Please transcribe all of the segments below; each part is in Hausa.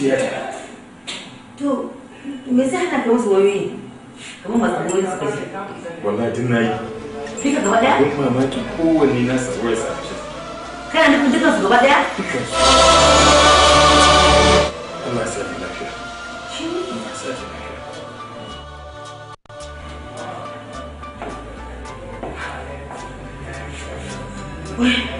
zuciyata to me ka musu wayoyi kamar suka ce wallahi gaba mamaki kowanne na sa kana nufin su gaba su Allah ya sa ni lafiya shi ne sa lafiya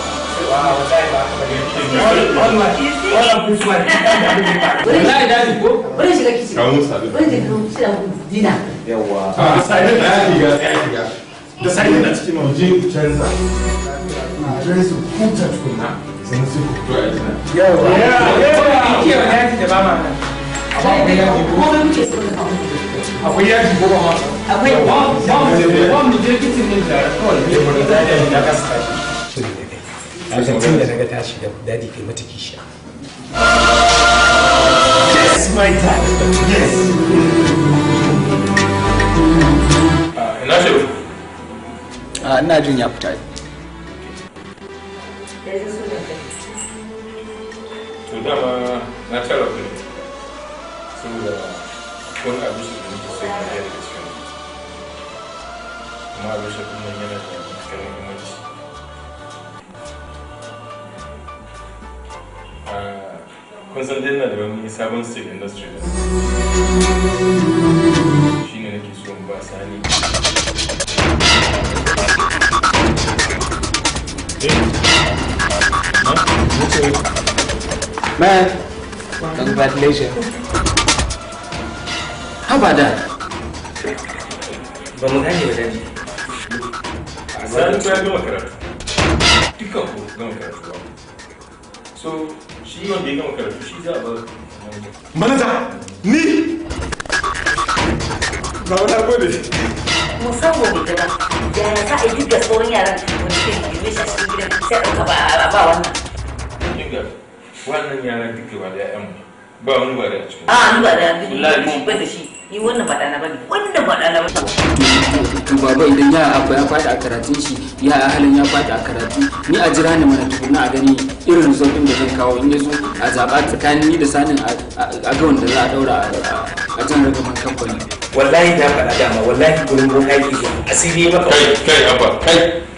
Bari na da shi ko? Bari shiga kici. Kawo sabi. Bari da kawo shi da dina. Yawwa. Ah, sai da ya shiga, ya shiga. Da sai da cikin mu je ku canza. Na je su kuta tukuna. Sai su kuto a dina. Yawwa. Yawwa. Ki ya da ki da mama nan. Akwai yaji ko ba muke so da kawo. Akwai yaji ko ba ma. Akwai. Ba mu je kicin ne da kawai. Da kasa lokacin da naga tashi da dadi kai mata kishiya yes my dad yes ah, ina ce a ah, ina jin ya fita to dama na tara ku saboda wani abu su da nake sai na yadda da shi amma abu shi kuma yana da matuƙar muhimmanci kun san dai na da wani sabon state industry da shi ne nake so ba sani Man, congratulations. How about that? Ba mu gane ba dani. Sani ya gama karatu. Dukkan ku gama karatu ba. So, Mana wanda ya gama karatu ni ba wani abu ne musamman gida da na sa a duk da tsoron yaran wani ke girme shi cikin gidan sai a ɗauka ba wannan wannan yaran duk a da 'ya'yan mu ba wani ba da cikin a ni ba da ya cikin ba da shi ni wannan ba dana bane wannan ba dana bane to baba idan ya abu ya faɗi a karatun shi ya halin ya faɗi a karatu ni a jira ni mana tukuna a gani irin zaukin da zan kawo in ya a zaɓa tsakanin ni da sanin a ga wanda za a ɗaura a jan ragaman kamfani wallahi ta faɗa dama wallahi gurin gurin aiki asiri maka kai kai abba kai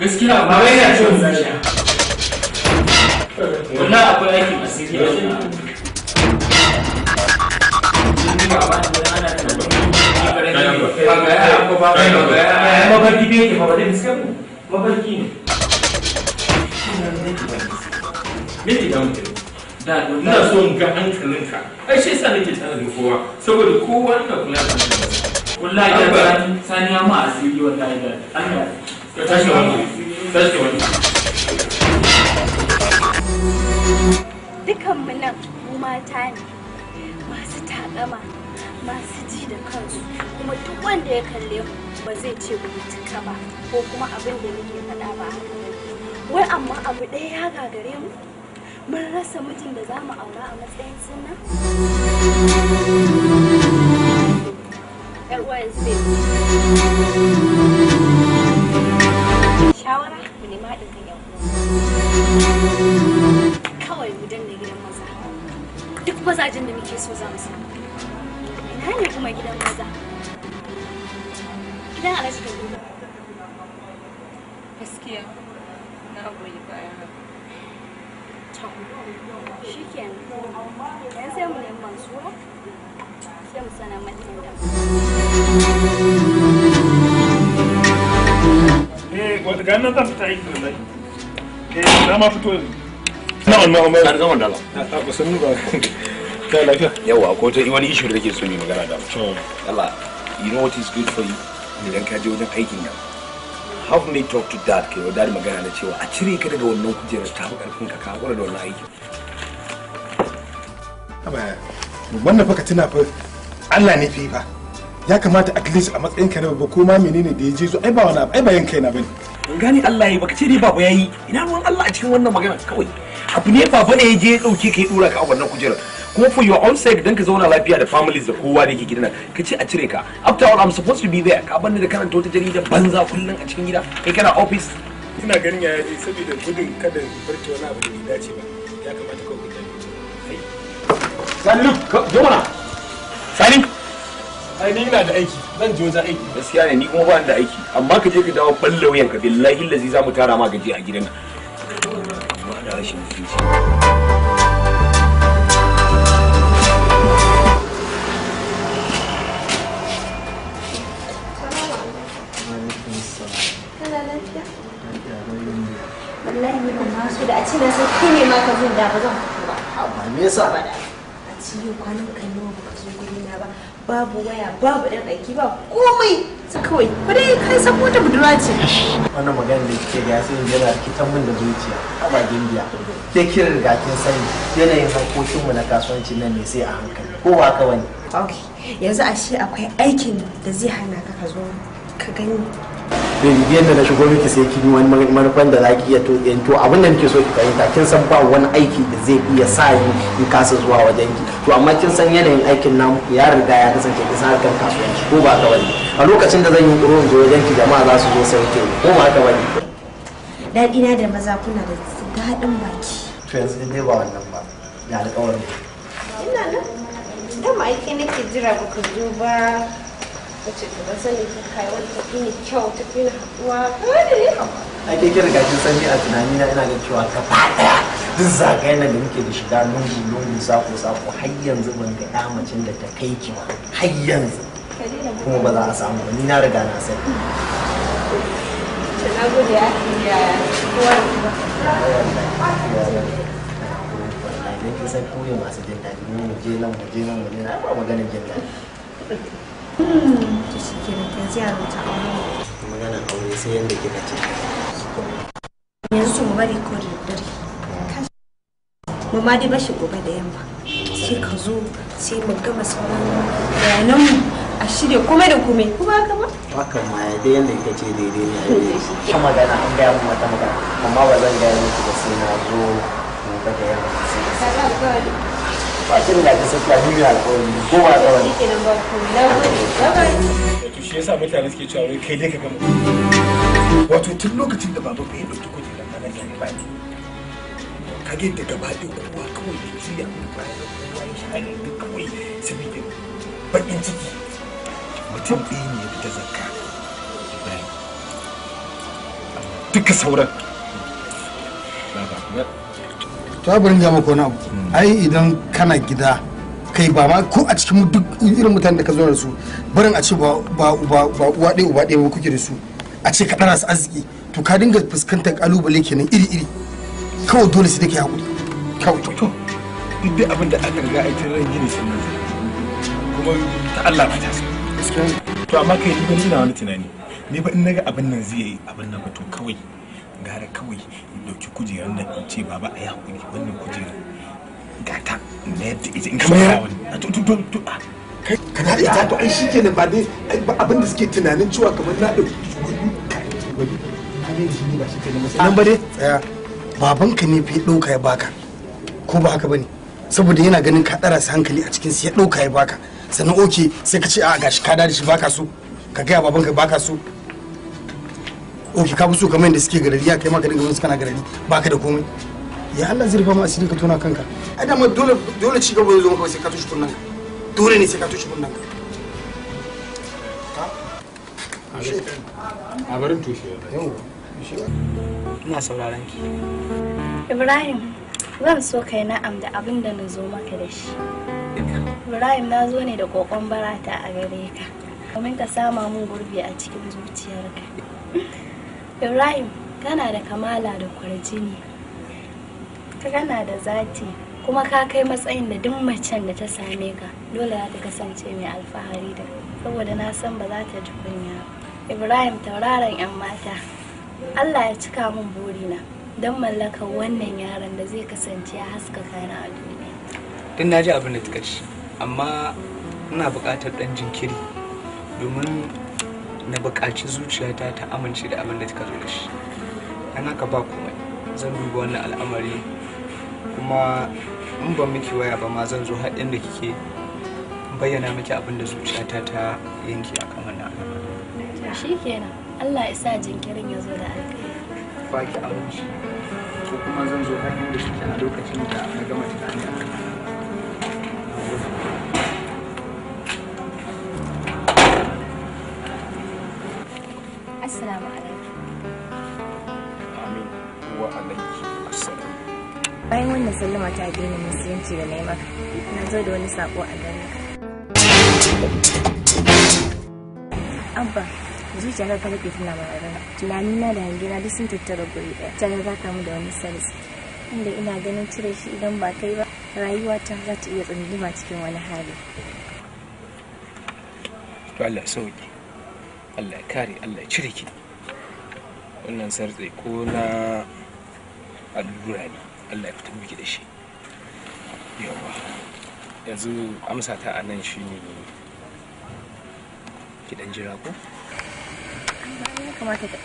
gaskiya ba wai yana ciwon zashi wannan akwai aikin asiri a wannan mafarki bai yake mafarki da ina so in ga hankalinka ai shi nake da kowa saboda kowa ina kula da hankalinsa wallahi sani ya ma asiri wallahi da Allah ka tashi nan mata ne masu taƙama masu ji da kansu kuma duk wanda ya kalle mu ba zai ce ku tuka ba ko kuma abin da muke faɗa ba wai amma abu ɗaya ya gagare mu mun rasa mijin da za mu aura a matsayin suna? uwa shawara mu nemi haɗin kan yau kawai mu danna gidan maza duk mazajen da muke so za mu samu ina ne kuma gidan maza gidan alhaji da gudu. gaskiya na goyi bayan shi kenan yanzu sai mu nemi mansura sai mu sanar mata da ga eh, na ma an ba sun ba ta lafiya yawa ko ta wani issue da kake so ne magana da Allah you know what is good for you idan ka je wajen aikin nan have me talk to dad kai dad magana da cewa a cire ka daga wannan kujerar ta fi karfin ka ka da wannan aikin wannan fa ka tuna fa Allah ne fi ya kamata at least a matsayin ka na babba ko ma menene da ya je zo ai ba wani ai ba bane ban gane Allah ya baka ce dai baba yayi ina ruwan Allah a cikin wannan magana kawai abu ne baba ne ya je dauke kai dora ka a wannan kujerar kuma for your own sake dan ka zauna lafiya da families da kowa da yake gidan ka ce a cire ka after all I'm supposed to be there ka banni da karanta wata jarida banza kullun a cikin gida kai kana office ina ganin ya yi saboda gudun kada barci wani abu da bai dace ba ya kamata ka gudu Salim, zo mana. Salim. ai ni ina da aiki zan je wajen aiki gaskiya ne ni kuma ba ni da aiki amma ka je ka dawo balle wayan ka billahi lazi zamu tara ma gaji a gidan da wallahi ni ban da a ce na ne ma ka zo da ba zan ba me yasa a ce kwanan kan nawa babu waya babu ɗan aiki ba komai kawai ba dai kai san mota budura ce wannan magana da kike ga sai yana kitan min da zuciya a bakin biya ke kira riga kin sani yanayin harkokin mu na kasuwanci nan ne sai a hankali ko ba ka wani yanzu ashe akwai aikin da zai hana ka ka zo ka gani yadda na shigo miki sai kin wani manufan da zaki iya eh, to abin da nake so ki fahimta kin san ba wani aiki da zai iya sa ni in kasa zuwa wajen ki to amma kin san yanayin aikin nan ya riga ya kasance kin san harkar kasuwanci ko ba ka bane a lokacin da zan yi kuro zo wajen ki jama'a za su zo sai ke ko ba ka bane daɗi na da maza kuna da daɗin baki to yanzu dai ba wannan ba da alƙawarin ina nan dama aiki nake jira ba ku zo ba ta ce ta sani ake kira gashin a tunani na ina da cewa kafa ɗaya duk zagayen da muke da shiga lungu lungu sako sako har yanzu ban ga ya macin da ta kai ki ba har yanzu kuma ba za a samu ba ni na riga na sani. Na gode ya maganin jin kenan yanzu ya rubuta magana aure sai yanda kika ce yanzu mu bari ko dare mu ma dai bashi gobe da yamma sai ka zo sai mu gama sauran bayanan mu a shirya komai da komai ba ka ba ma ya dai yanda kika ce daidai ne magana an gaya mu wata magana amma ba zan gaya miki ba sai na zo gobe da yamma ba. ba shi da ta sassa ni da alƙawari ko ba da wani shi yasa mutane suke cewa wai kai dai ka gama wato tun lokacin da baba bai dauki kuɗi da kana da ba ni da gaba da kowa kawai da mun da kowa shi kawai ciki mutum ɗaya ne ya fita zakka ibrahim duka sauran baba tabirin bari ko na ai idan kana gida kai ba ma ko a cikin duk irin mutane da ka zo da su barin a ce ba uba ɗaya uba ɗaya kuke da su a ce ka ɗana su arziki to ka dinga fuskantar kalubale kenan iri iri kawai dole su dake ke haƙuri kawai to to duk abin da aka riga a ita ran gini sun kuma ta Allah ba ta so to amma kai duk wani na wani tunani ni ba in naga abin nan zai yi abin nan ba to kawai gara kawai in dauki kujerar nan in ce baba a yi hakuri wannan kujerar gata na yadda ita in kama yawon a to to a kana to ai shi kenan ba dai abin suke tunanin cewa kamar na ɗauki kujerar ka ne shi ne ba shi masu nan ba dai tsaya babanka ne fi ɗauka ya baka ko ba haka bane saboda yana ganin ka ɗara hankali a cikin ya ɗauka ya baka sannan oke sai ka ce a gashi ka da shi baka so ka gaya babanka baka so ok ka musu kamar da suke garari ya kai ma ka dinga musu kana garari baka da komai ya Allah zai rufa asiri ka tona kanka ai da dole dole ci gaba zo maka sai ka tushe kunnan dole ne sai ka tushi kunnan a barin tushe ina sauraron ki Ibrahim zan so kai na'am da abin da na zo maka da shi Ibrahim na zo ne da kokon barata a gare ka domin ka sama mun gurbi a cikin zuciyarka Ibrahim kana da kamala da kwarjini kana da zati kuma ka kai matsayin da duk macen da ta same ka dole za ta kasance mai alfahari da saboda na san ba za ta ji kunya Ibrahim tauraron 'yan mata Allah ya cika min burina don mallakar wannan yaron da zai kasance ya haska kana a duniya. Tun na ji abin da ta amma ina buƙatar ɗan jinkiri domin na buƙaci zuciyata ta amince da abin da ta zo da shi an haka ba komai zan duba wannan al'amari kuma in ba miki waya ba ma zan zo haɗin da kike bayyana miki abin da zuciyata ta yanke a kan wannan al'amari shi kenan allah ya sa jinkirin ya zo da alkhairi ba ki amince ko kuma zan zo haɗin da kike a lokacin da na gama tunani bayan wannan sallama ta addinin musulunci da naima na zo da wani sako a gare ka abba zuciya ka rufe tana mararana tunanina da hangina duk sun tattara guri ɗaya za ka kamu da wani sarsi inda ina ganin cire shi idan ba kai ba rayuwata za ta iya tsunduma cikin wani hali. Allah sauki. allah ya kare allah ya cire ki wannan sartse ko na allura ne allah ya fitar miki da shi yawa yanzu amsa ta a nan shi ne kidan jira ko ya kamata ka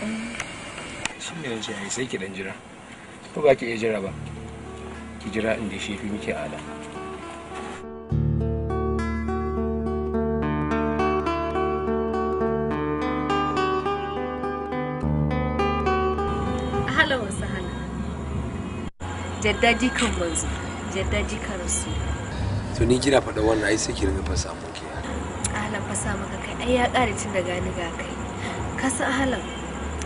shi ne na sai kidan jira ko ba ki iya jira ba ki jira inda shi fi miki ala jadda jikan manzo jadda rasu to ni kina faɗa wannan ai sai ki ringa fasa mun ke ahalan fasa maka kai ai ya ƙara cin daga ni ga kai ka san ahalan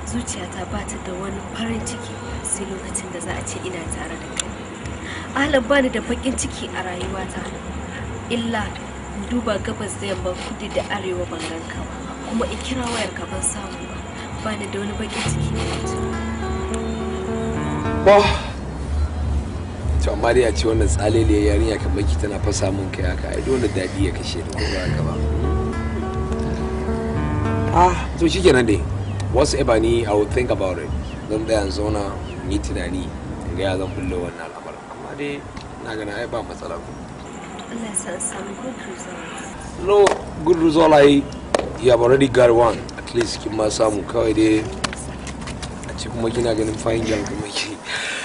zuciyata ba ta da wani farin ciki sai lokacin da za a ce ina tare da kai Allah ba ni da baƙin ciki a rayuwata illa duba gabas da yamma kudu da arewa ban ganka kuma in kira wayar ka ban samu ba ba ni da wani baƙin ciki ba to amma dai a ce wannan tsaleliyar yarinya kan baki tana fasa mun kai haka ai dole daɗi ya kashe da kuma haka ba ah to kenan dai wasu eba ni i would think about it don da yanzu zauna ni tunani in ga ya zan bullo wannan al'amarin amma dai na gana ai ba matsala ku no good result ai you have already got one at least kin ma samu kawai dai a ce kuma kina ganin fine girl kuma ki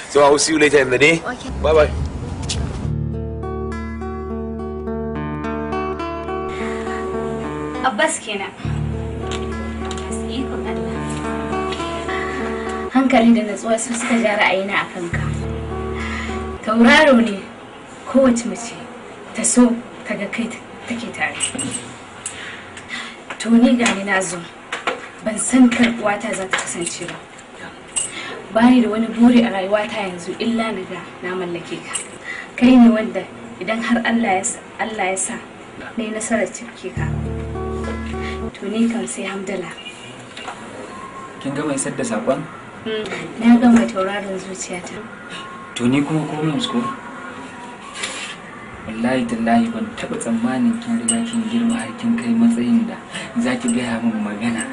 So I will see you later in the day. Okay. Bye bye. Abbas kena. Hankali da natsuwa su suka ja na a ka Tauraro ne kowace mace ta so ta ga kai take tare. To ni ga ni na zo. Ban san uwata za ta kasance ba. bani da wani buri a rayuwata yanzu illa na ga na mallake ka kai ne wanda idan har Allah ya Allah ya sa ne nasarar cike ka to ni kan sai hamdala kin gama isar da sakon mm, na gama tauraron zuciyata to ni kuma komai ko wallahi tallahi ban taba tsammanin kin riga kin girma har kin kai matsayin da zaki gaya min magana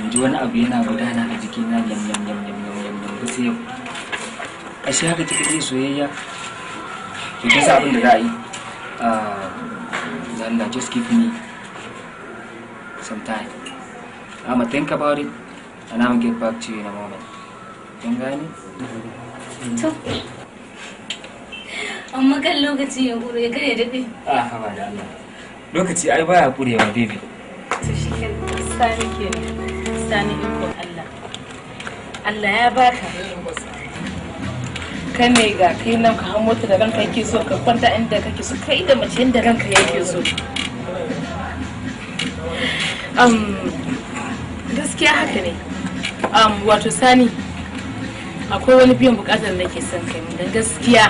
in ji wani abu yana gudana a jikina yam yam yam yam kusa yau a shi haka soyayya to ta sa abin da za a yi zalla ah, just give me some time I'm gonna think about it and I'm get back to you in a moment gane? to amma kan lokaci ya kure ya kare da ah, kai a haba da Allah lokaci ai baya kurewa baby to shi ke sani ke sani Allah Allah ya baka kai ne ga kai nan ka hamo ta da ranka yake so ka kwanta inda kake so kai da mace inda ranka yake so um, gaskiya haka ne um, wato sani akwai wani biyan bukatar nake ke son kai mun gaskiya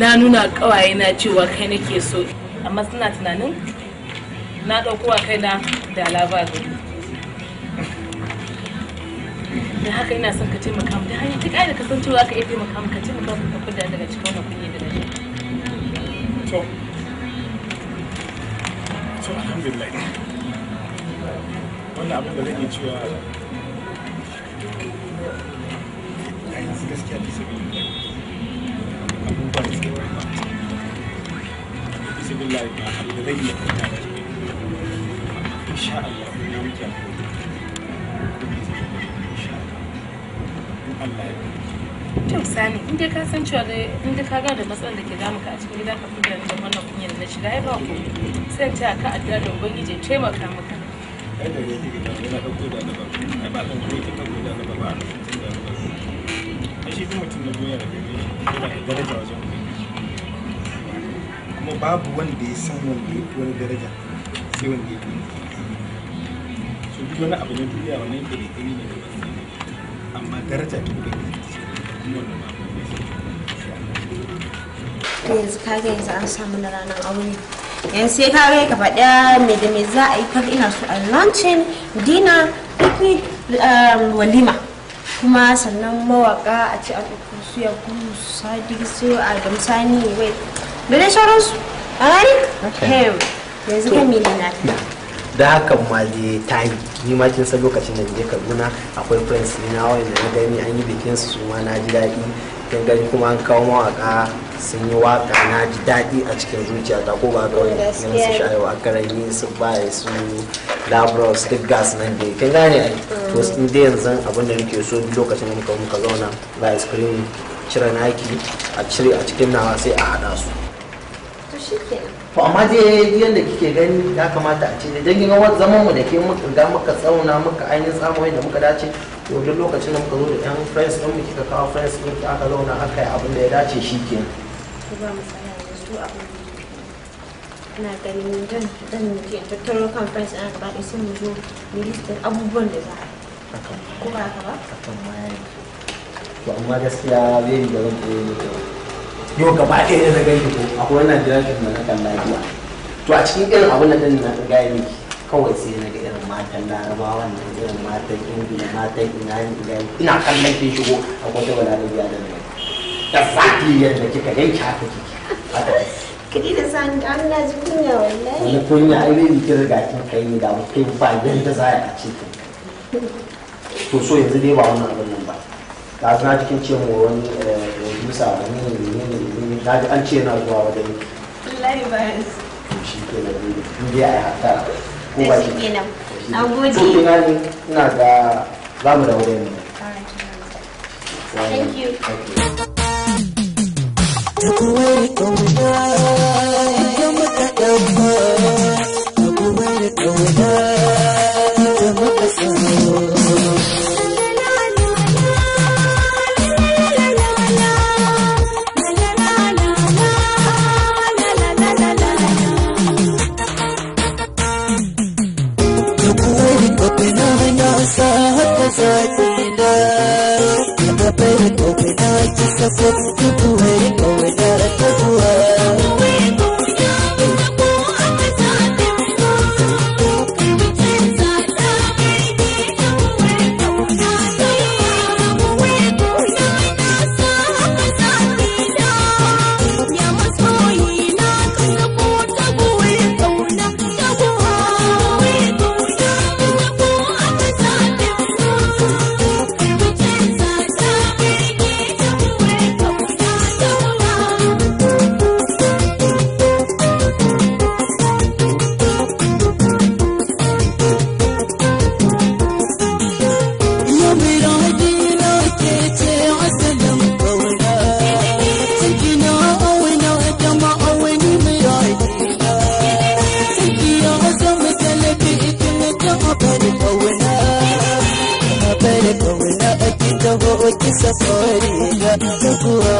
na nuna kawaye na cewa kai nake so amma suna tunanin na dauko kai na da labarin da haka ina son ka taimaka mu da hanyar duk ayyuka san cewa ka iya taimaka mu ka taimaka mu ka fita daga cikin wannan kudi da rashin to to alhamdulillah wannan abin da cewa a yanzu gaskiya ta sabi da ta sabi lai ba abu ya Allah to sani in ka san cewa ka gane matsalar da ke damu ka a cikin gida ka fita da wannan kunyar na shiga ai ba ku sai ta ka addu'a da ubangiji ya taimaka maka na da kuma da babu wanda ya san wanda ya wani daraja sai wanda ya fi wani abu na duniya ke da ne amma daraja ta gudun to yanzu ka yanzu an samu na ranar aure yanzu sai ka ga ka faɗa me da me za a yi kaga ina so a launching dina picnic um, walima kuma sannan mawaka a ce an ɗauko su ya kuma su sadi su adam sani wai da dai sauransu a ranar yanzu kan mene na ta da haka ma tayi ni ma kin san lokacin da je Kaduna akwai friends na wanda na gani an yi bikin su ma na ji daɗi kin gani kuma an kawo mawaka sun yi waka na ji daɗi a cikin zuciya ta ko ba kawai yin su shayo a karami su baya su labros duk gas nan dai kin gane ai to mm. in dai yanzu abin da nake so lokacin da muka muka zauna ba ice cream cire naki a cire a cikin nawa sai a haɗa su to shikenan to amma dai yadda kike gani ya kamata a ce dan yin wani zaman mu da ke muka ga muka tsauna muka ainihin samu da muka dace to duk lokacin da muka zo da yan friends din mu kika kawo friends din ki aka zauna aka yi abin da ya dace shi ke ba matsala yanzu abin ina ganin zan zan je tattaro kan friends ɗin gaba ɗaya sai mu zo mu listin abubuwan da za a yi ko ba haka ba? to amma gaskiya zai yi da zan ɗaya ne yau gaba ɗaya da zagan ko akwai wannan jirajin da na kan lafiya to a cikin irin abin da na ta gaya miki kawai sai na ga irin matan larabawa na irin matan ingila matan ina ina ina kallon kin shigo a kwata wala da biya da nan da fati yadda kika ganki haka kike haka kiri da san ka na ji kunya wallahi wani kunya ai ne ki riga kin kai ni da kai ba dan ta zai a cikin to so yanzu dai ba wannan abin nan ba ka san cikin cewa wani eh, rubusa wani an ce zuwa wajen shi ke ko ba shi kenan na gode ne ina ga za mu da wajen thank you I'm bai kawai na kisa ko kuwa kawai na rabuwa safari ga kuwa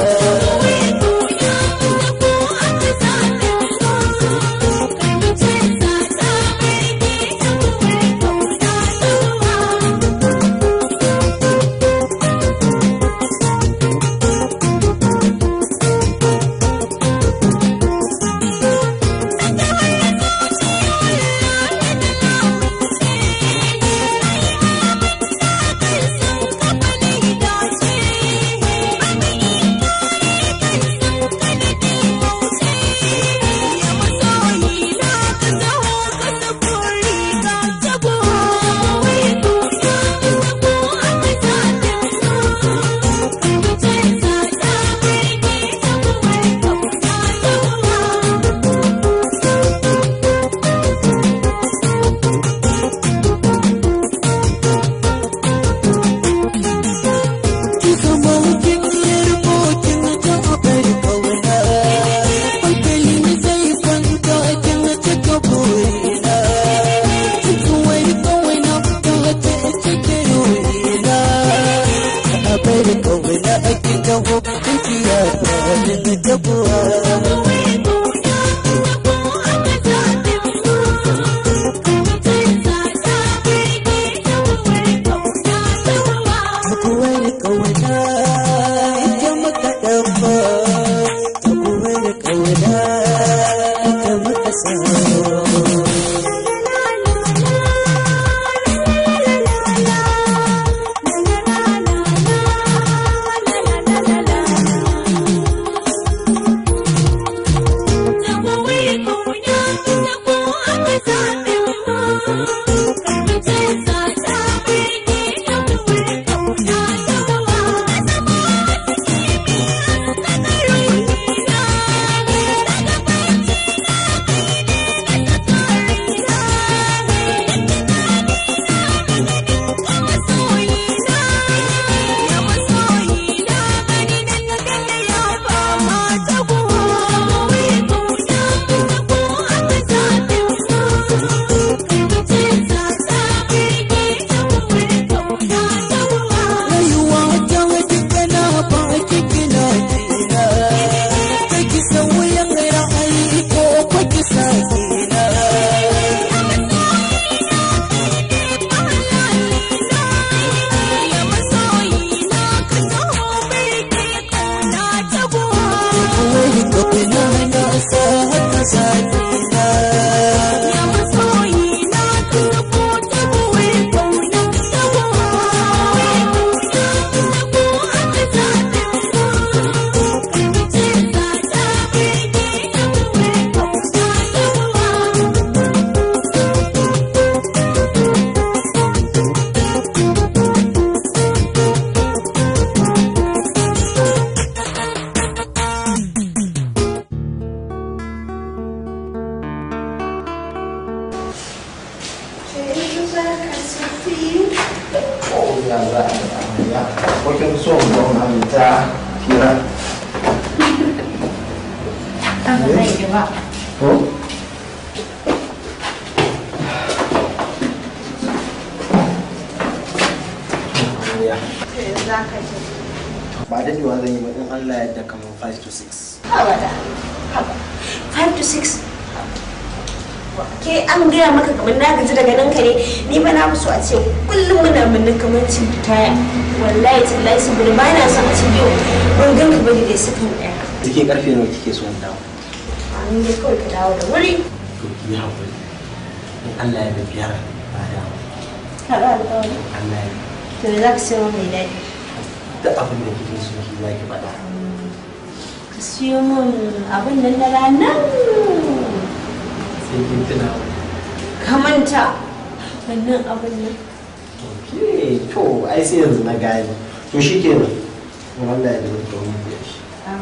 to shi ke nan Allah ya dole to mun biya shi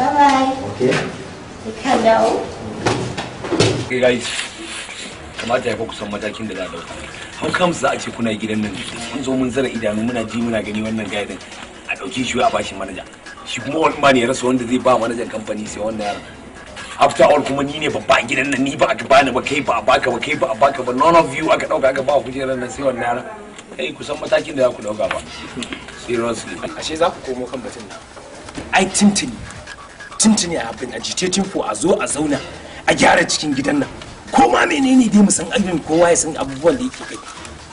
bye bye okay ka dawo guys kamata ya kusan matakin da za a dauka how comes za a ce kuna gidan nan mun zo mun zara idanu muna ji muna gani wannan gaidan a dauki shi a bashi manaja shi kuma wani ba ne rasa wanda zai ba manajan kamfani sai wannan yaran after all kuma ni ne babba a gidan nan ni ba a bani ba kai ba a baka ba kai ba a baka ba none of you aka dauka aka ba kujeran nan sai wannan yaran kai kusan matakin da za ku dauka ba seriously ashe za ku komo kan batun nan ai tintini tintini a abin agitating for a zo a zauna a gyara cikin gidan nan ko ma menene dai mu san abin kowa ya san abubuwan da yake kai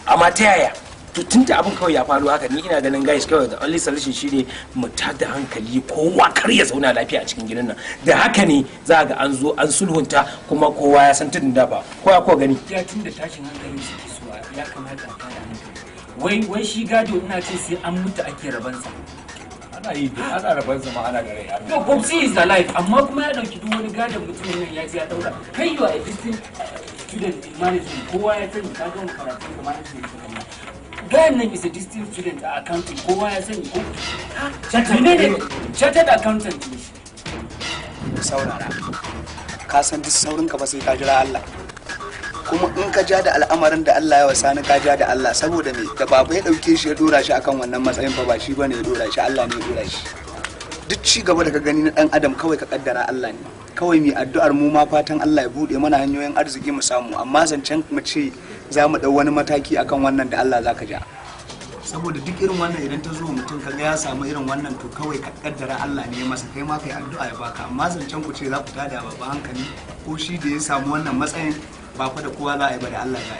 amma ta yaya to tunda abin kawai ya faru haka ni ina ganin guys kawai da only solution shine mu tada hankali kowa kar ya zauna lafiya a cikin gidan nan da haka ne za ga an zo an sulhunta kuma kowa ya san tunda ba kowa ko gani ya tunda tashin hankali suke so ya kamata a fara hankali wai wai shi gado ina ce sai an mutu ake rabansa ana yi ana rabansa ma ana gare ya no popsi is alive amma kuma ya dauki duk wani gadon mutumin nan ya ce ya daura kai yo a existing uh, student management kowa ya sani ka ga karatu da management gayan nan is a distinct student a accounting kowa ya sani ko chartered accountant ne saurara ka san duk saurinka ba sai ka jira Allah kuma in ka ja da al'amarin da Allah ya wasa ka ja da Allah saboda me da babu ya dauke shi ya dora shi akan wannan matsayin fa ba shi bane ya dora shi Allah ne ya dora shi duk ci gaba da ka gani na dan adam kawai ka kaddara Allah ne kawai mai addu'ar mu ma fatan Allah ya bude mana hanyoyin arziki mu samu amma zancen mu ce za mu dau wani mataki akan wannan da Allah zaka ja saboda duk irin wannan idan ta zo mutum kaga ya samu irin wannan to kawai ka kaddara Allah ne masa kai ma kai addu'a ya baka amma zancen ku ce za ku tada babban hankali ko shi da ya samu wannan matsayin ba ku da kowa za a yi ba da Allah za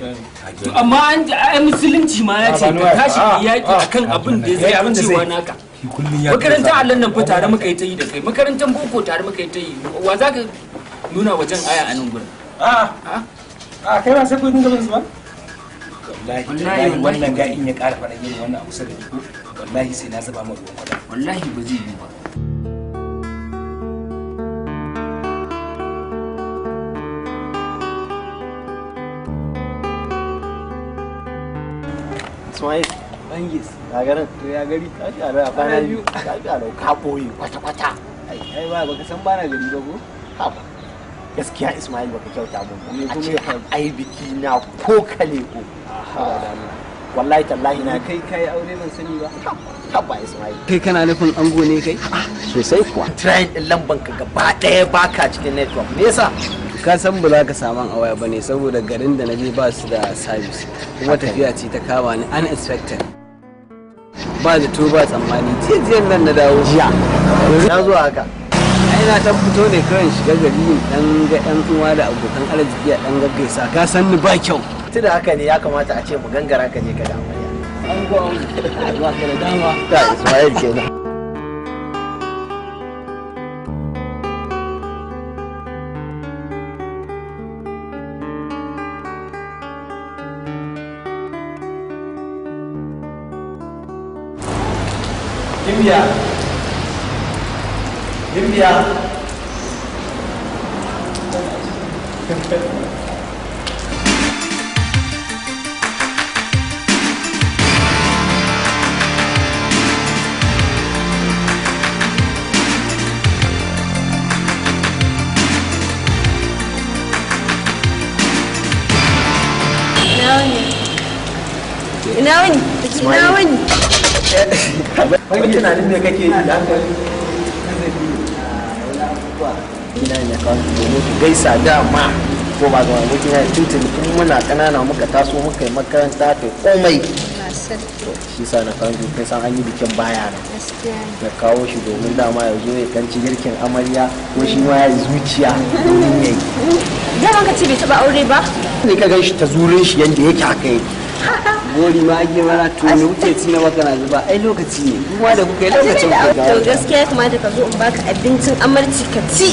a yi amma an ai musulunci ma ya ce ka tashi yaki ah, ah. akan abin da zai yi cewa naka makarantar Allah nan fa tare muka yi ta yi da kai makarantar boko tare muka yi ta yi wa za ka nuna wajen aya a nan gurin ah, a kai ba sai ba wallahi wannan ga in ya ƙara faɗa yin wannan a sai da ko wallahi sai na zaba mu ruwan kwada wallahi ba zai yi ba Ismail. Bangis. Na garin. To ya gari. Ka a kwana biyu. Ka ka boye kwata-kwata. Ai, ba baka san bana gari ba ko? Haba. Gaskiya Ismail baka kyauta mun ai biki na ko kale ko. Wallahi tallahi na kai kai aure ban sani ba. Haba Ismail. Kai kana nufin ango ne kai? Ah, sosai kuwa. Try din lamban ka gaba ɗaya baka cikin network. Me yasa? ka san ba za ka samu a waya ne, saboda garin da na je ba su da service kuma tafiya ce ta kama ni unexpected ba da to ba tsammani jiyan nan na dawo jiya na zo haka ai na ta fito ne kawai shiga gari dan ga yan uwa da abokan arziki a dan gaggaisa ka san ni ba kyau tun da haka ne ya kamata a ce mu gangara ka je ka dawo an gwa an gwa da dama ta Ismail kenan libya libya tunanin da kake yi da ne gaisa dama ko ba ga wani kina tutun tun muna kanana muka taso muka yi makaranta ta komai shi sa na kawo kai san an yi bikin baya na na kawo shi domin dama ya zo ya kanci girkin amarya ko shi ma ya zuciya domin ya yi dama ka ce bai taba aure ba ne ka gan shi ta zurin shi yadda yake haka yake gori ma ake mana tuni wuce ci na maka na zuba ai lokaci ne kuma da kuka yi lokacin ku to gaskiya kuma da ka zo in baka abincin amarci ka ci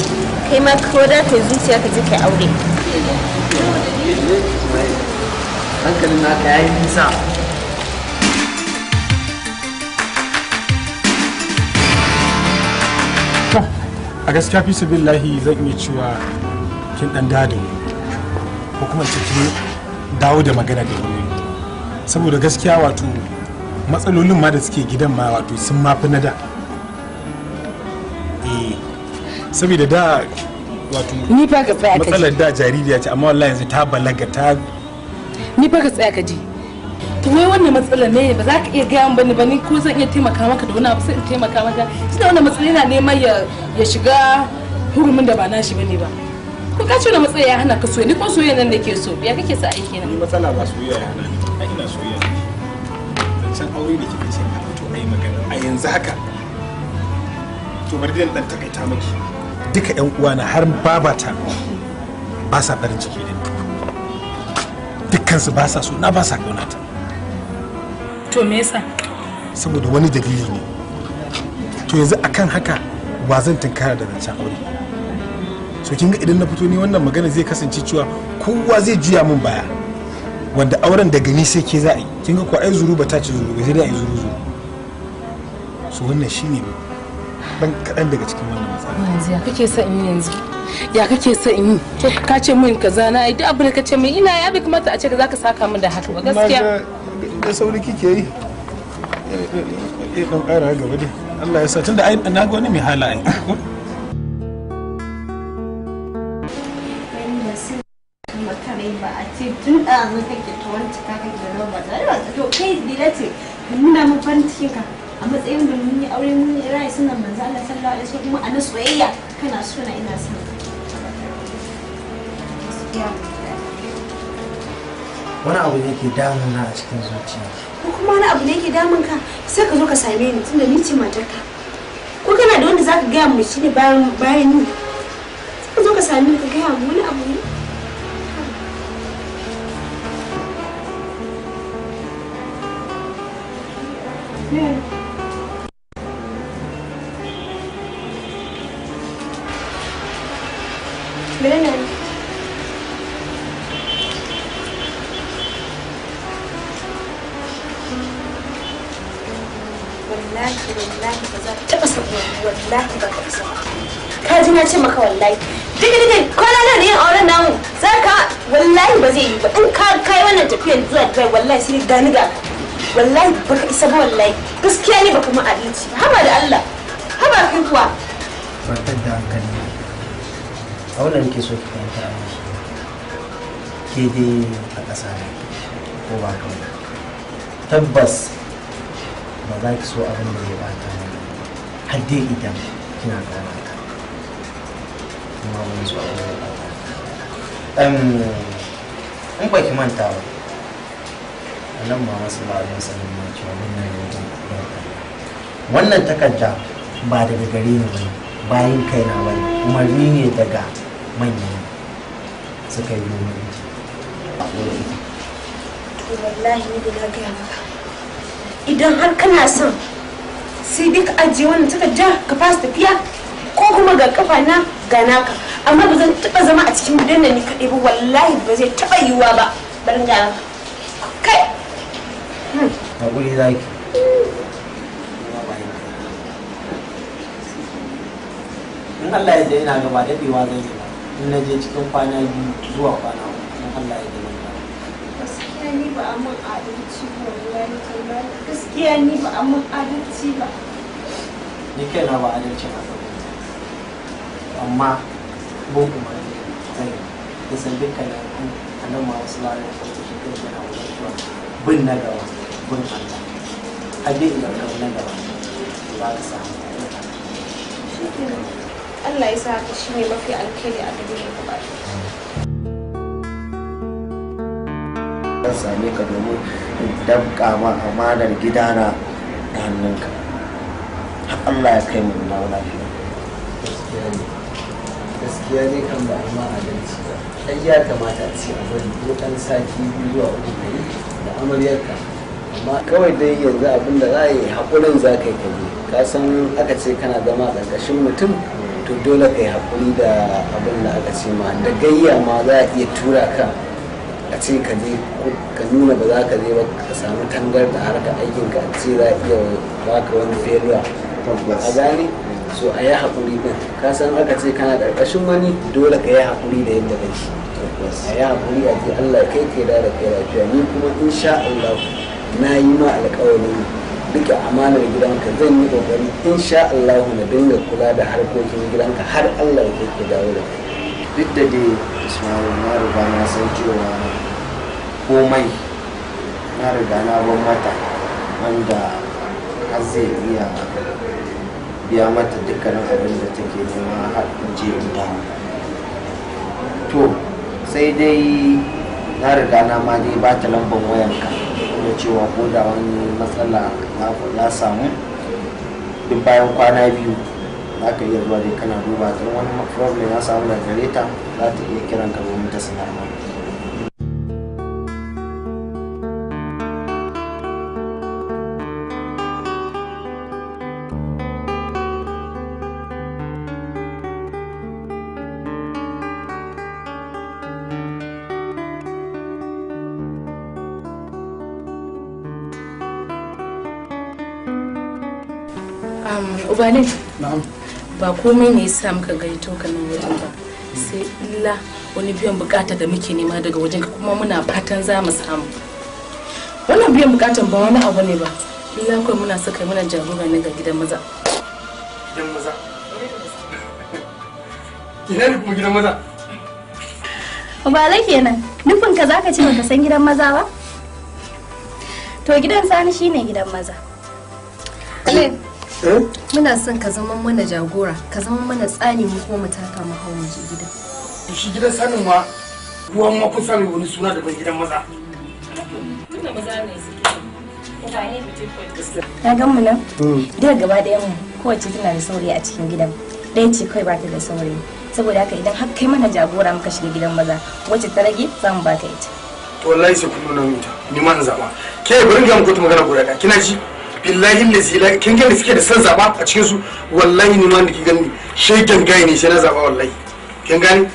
kai ma ko da kai zuciya ka je kai aure hankalin naka yayi nisa a gaskiya fi lahi zan iya cewa kin dan dadin ko kuma cikin dawo da magana da wuri saboda gaskiya wato matsalolin ma da suke gidan ma wato sun mafi na da eh, saboda da wato ni fa ka tsaya ka matsalar da jaririya ce amma wallahi yanzu ta balaga ta ni fa ka tsaya ka ji to wai wannan matsalar ne ba za ka iya gaya bani ba ni ko zan iya taimaka maka da wani abu sai in taimaka maka shi da wannan matsalar yana neman ya shiga hurumin da ba shi bane ba ko ka ce wannan matsalar ya hana ka soyayya ni ko soyayya nan nake so ya kake sa aiki na ni matsala ba soyayya ya hana ni ina soyayya da shi zancen aure da kike ce ka to a yi magana a yanzu haka to bari dan takaita miki duka yan uwana har ta ba sa farin ciki din ni dukkansu ba sa so na ba sa ta to me yasa saboda wani dalili ne to yanzu akan haka wa zan tunkara da zancen aure so kin ga idan na fito ni wannan magana zai kasance cewa kowa zai juya mun baya wanda auren daga ni sai ke za a yi kin ga ko ai zuru ba ta ci zuru ba sai dai ai zuru zuru so wannan shine dan kadan daga cikin wannan matsala yanzu ya kake sa in yanzu ya kake sa in yi ka ce min kaza na ai duk abin da ka ce min ina ya bi kamata a ce ka zaka saka min da haka ba gaskiya da sauri kike yi eh, eh, eh dan ƙara gaba dai Allah ya sa tunda ai na ga wani mai hala ai tun ɗazu kai dilati ka nuna a matsayin da mun yi aure kuma na soyayya kana so abu ne ke a cikin zuciya ko kuma wani abu ne ke damun ka sai ka zo ka same ni tunda ni ce matarka ko kana da wanda zaka gaya mu shi ne bayan bayan ni ka ka same ni ka gaya mu wani abu ne Menene? wallahi wallahi ba za ta taɓa sabuwa wallahi ba ka isa ka ji na ce maka wallahi digi digi kwana nan yin auren namu za ka wallahi ba zai yi ba in ka kai wannan tafiyar zuwa dubai wallahi sai ga ni ga ka wallahi baka isa ba wallahi gaskiya ne baka ma'adalci ba haba da Allah haba kai kuwa kwantar da hankali a wannan nake so ki fahimta a ke dai a ƙasa ne ko ba ka tabbas ba za ki so abin da ya bata ne har dai idan kina ƙara ka kuma wani zuwa wani ba in ba ki manta ba ba Muhammad sallallahu alaihi wasallam ya ce wannan yanzu wannan takarda ba daga gare ni ba bayan na bane umarni ne daga manyan suka yi umarni to wallahi idan har kana son sai dai ka ajiye wannan takarda ka fasa tafiya ko kuma ga kafa na ga naka amma ba zan taba zama a cikin gidan da ni kaɗai ba wallahi ba zai taba yiwuwa ba bari ga kai haƙuri za ki in Allah ya da yana gaba biwa zan yi ba in na je cikin kwana biyu zuwa kwana in Allah ya da yana gaba gaskiya ni ba a mun adalci ba wallahi tallahi gaskiya ni ba a adalci ba ni kai na ba adalci ba amma bin umarni zai da sabbin kalan ma wasu alaihi wasallam shi kai yana bin na gaba bin Allah abin da ka na gaba ba ka samu Allah ya sa ka ne mafi alkhairi a duniya gaba ɗaya same ka domin dabka ma amanar gidana da hannunka Allah ya kai mu na lafiya gaskiya ne kan ba amma adalci ba ai ya kamata a ce a bari ko ɗan biyu zuwa uku ne amaryarka amma kawai dai yanzu abin da za a yi haƙurin za ka yi ka san aka ce kana zama a ƙarƙashin mutum to dole ka yi haƙuri da abin da aka ce ma da gayya ma za a iya tura ka a ce ka je ka nuna ba za ka je ba ka samu tangar da harkar aikin ka a ce za a iya baka wani failure a gane so a yi haƙuri din ka san aka ce kana ƙarƙashin wani dole ka yi haƙuri da yadda kake a yi haƙuri a Allah kai kai da da kai lafiya ni kuma insha Allah na yi ma alƙawarin duka amanar gidanka zan yi kokari in sha Allah na dinga kula da harkokin gidanka har Allah ya kai ka dawo da kai duk da dai Isma'il na riga na san cewa komai na riga na ban mata wanda har zai iya biya mata dukkanin abin da take nema har in je in to sai dai na riga na ma dai ba ta lambar ka da cewa ko da wani matsala ya samu duk bayan kwana biyu za ka iya zuwa dai kana duba don wani problem ya samu da gare ta za ta iya kiran ka domin ta sanar ubanin ba komai ne yasa ka gaito ka nan wajen ba sai illa wani biyan bukata da muke nema daga wajen kuma muna fatan za mu samu wannan biyan bukatan ba wani abu ne ba illa kawai muna saka mana jagora ne ga gidan maza gidan maza kina kuma gidan maza Ubala kenan nufin ka zaka ci baka san gidan maza ba to gidan sani shine gidan maza Eh? muna son ka zama mana jagora ka zama mana tsani mu ko mu taka mu hawo mu gida shi gidan sanin ma ruwan ma kun sani wani suna da ban gidan maza ka gan mu nan hmm. da gaba da yamma kowace tana da saurayi a cikin gidan ɗaya ce kawai bata da saurayi saboda haka idan har kai mana jagora muka shiga gidan maza wacce ta rage za mu baka ita to wallahi sai ku nuna ni ma in zaba ke bari ga muku magana guda kina ji billahi ne la kin ga suke da san zaba a cikin su wallahi ni ma da ki gani shegen gai ne sai na zaba wallahi kin gani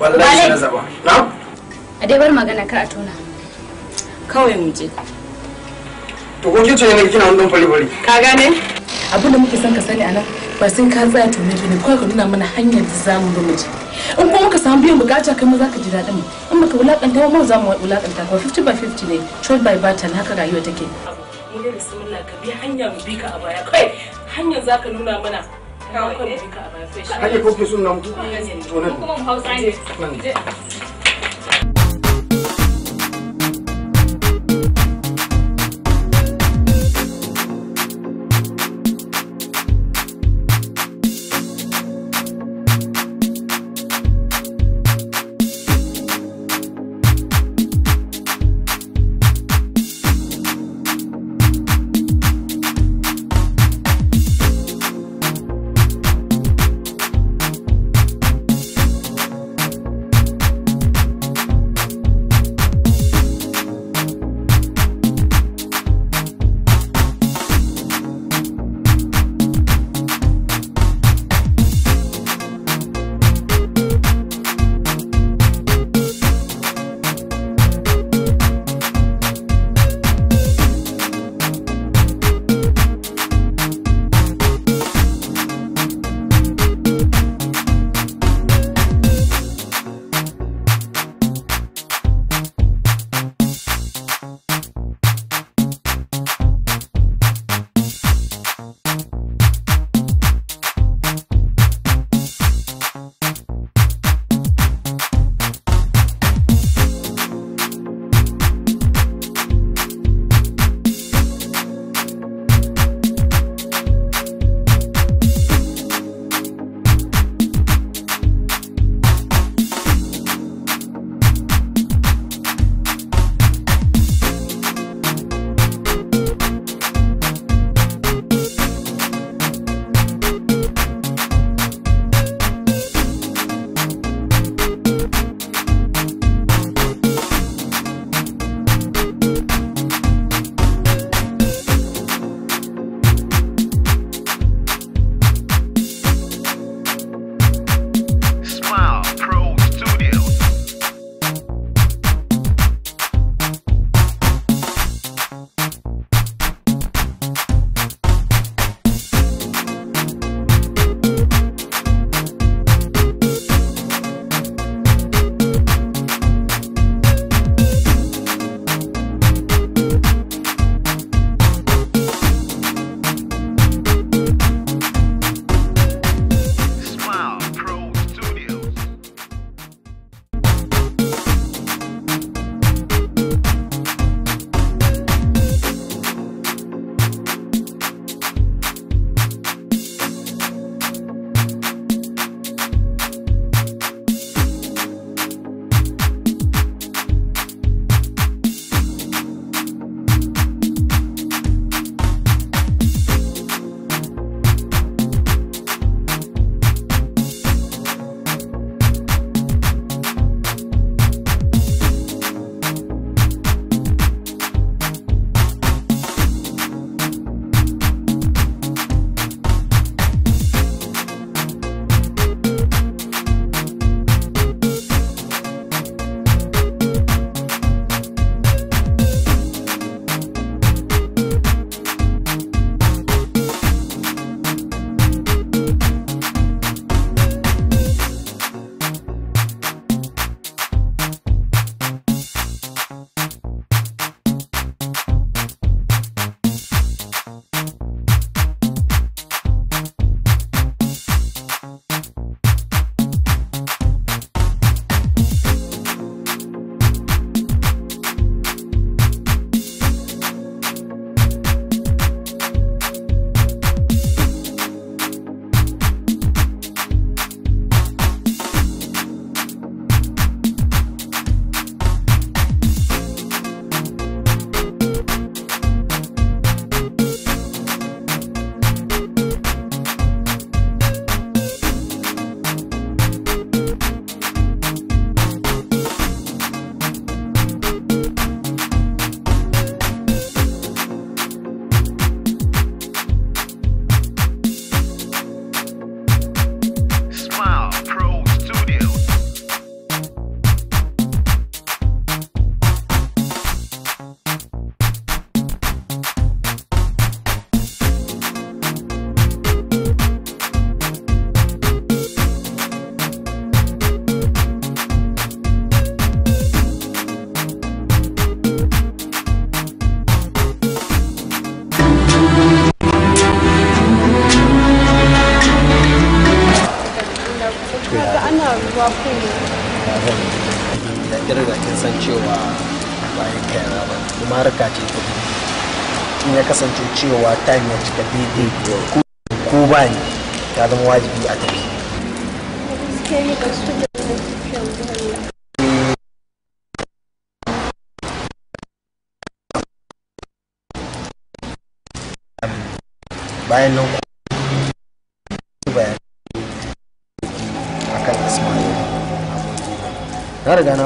wallahi sai na zaba na a dai bar magana kar a tona kawai mu je to ko kin ce ne kina wannan fari fari ka gane abin da muke son ka sani anan ba sun ka tsaya to nake ne kawai ka nuna mana hanyar da zamu bi mu je in kuma muka samu biyan bukata kai ma zaka ji daɗin mu in baka wulakanta ba mu zamu wulakanta ka 50 by 50 ne trade by battle haka rayuwa take mu bismillah ka bi hanya mu bi ka a baya kai hanyar za ka nuna mana kawai ne hanyar ko ke sun na mutu to ne kuma mu hausa ne